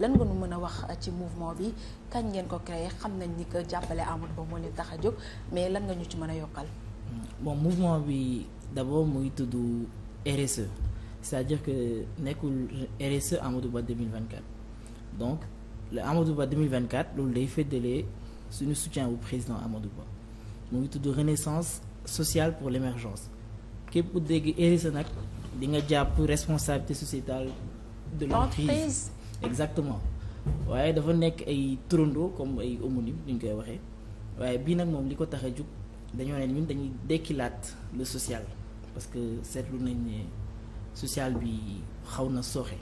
lan nga nu mën a wax euh, ci mouvement bi kañ ngeen ko créé xam nañ ni que jàppale Amadou Ba moo leen tax a jóg mais lan nga ñu ci mën a yokkal. Mm. bon mouvement bi d'abord muy tudd RSE c'est-à-dire que nekkul RSE Amadou Ba 2024 donc le Amadou Ba 2024 loolu day fédérer suñu soutien au président Amadou Ba mu ngi tudd renaissance sociale pour l'émergence képp ku dégg RSE nag di nga jàpp responsabilité sociétale de l'entreprise exactement waaye dafa nekk ay turandoo comme ay homonyme ni ñu koy waxee waaye bii nag moom li ko tax a jug dañoo ne ñun dañuy dekkilaat le social parce que seetlu nañ ne social bi xaw na sooxe.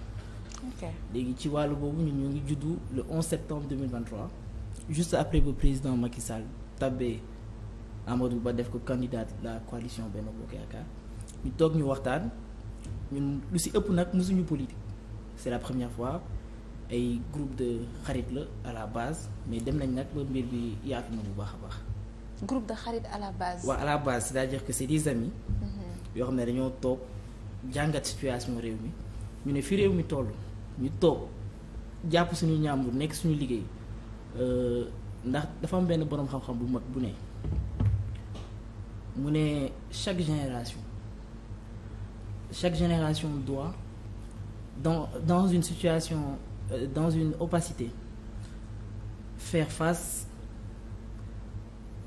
léegi ci wàll boobu ñun ñu ngi juddu le 11 septembre 2023 juste après ba président Macky Sall tabbee Amadou Ba def ko candidat la coalition benn Bokk Yaakaar ñu toog ñu waxtaan ñun lu si ëpp nag mosuñu politique c'est la première fois. ay groupe de xarit la à la base mais dem nañ nag ba mbir bi yaatu na bu baax a baax. groupe de xarit à la base. waaw à la base c'est-à-dire que c'est des amis. Mm-hmm. yoo xam ne dañoo toog jàngat situation réew mi ñu ne fi réew mi toll ñu toog jàpp suñu ñaambur nekk suñu liggéey euh, ndax dafa am benn boroom xam-xam bu mat bu ne mu ne chaque génération chaque génération doit dans dans une situation. Euh, dans une opacité faire face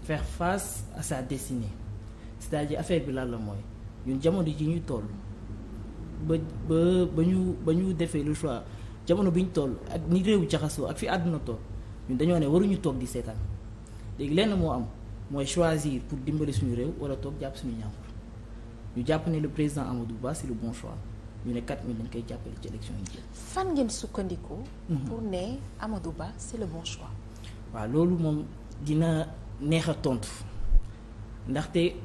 faire face à sa destinée c'est-à-dire affaire bi lan la mooy ñun jamono ji ñu toll ba ba ba ñu ba ñu defee le choix jamono bi ñu toll ak ni réew jaxasoo ak fi àdduna toll ñun dañoo ne waruñu toog di seetaan léegi lenn moo am mooy choisir pour dimbali suñu réew wala toog jàpp suñu ñàmbur ñu jàpp ne le président Amadou Ba c'est le bon choix ñu ne 4000 dañ koy jàppale ci élection yi jëm. fan ngeen sukkandiku. Mhm. pour ne Amadou Ba c'est le bon choix. waaw loolu moom dina neex a tontu ndaxte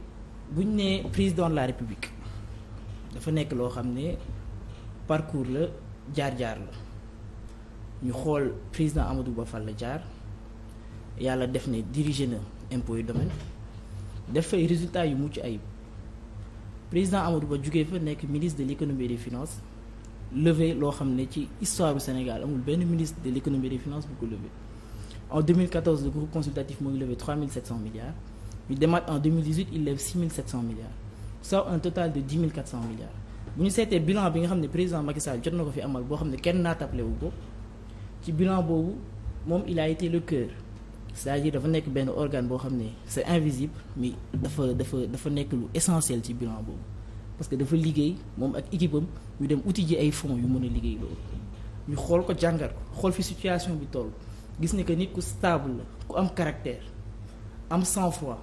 buñ ne président de la république dafa nekk loo xam ne parcours la jaar-jaar la ñu xool président Amadou Ba fan la jaar yàlla def ne diriger na impôt yu domaine def fay résultats yu mucc ayib. président Amadou Ba jugee fa nekk ministre de l' économie et des loo xam ne ci histoire bu Sénégal amul benn ministre de l' économie et des finances bu ko levé en 2014 groupe consultatif moo ngi levé milliards en 2018 il lève 6700 milliards soit un total de milliards bu ñu seetee bilan bi nga xam ne président Macky Sall jot na ko fi amal boo xam ne kenn naatable ko ci bilan boobu moom il a été le cœur cest à dafa nekk benn organe boo xam ne c'est invisible mais dafa dafa dafa nekk lu essentiel ci bilan boobu parce que dafa liggéey moom ak équipe am ñu dem outil ji ay fonds yu mun a liggéey loolu ñu xool ko jàngat ko xool fi situation bi toll gis ne que nit ku stable la ku am caracter am sang fois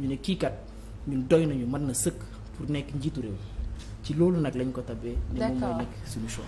ñu ne kii kat ñun doy nañu mën na sëkk pour nekk njiitu réew ci loolu nag lañ ko tabee ne moom mooy nekk solution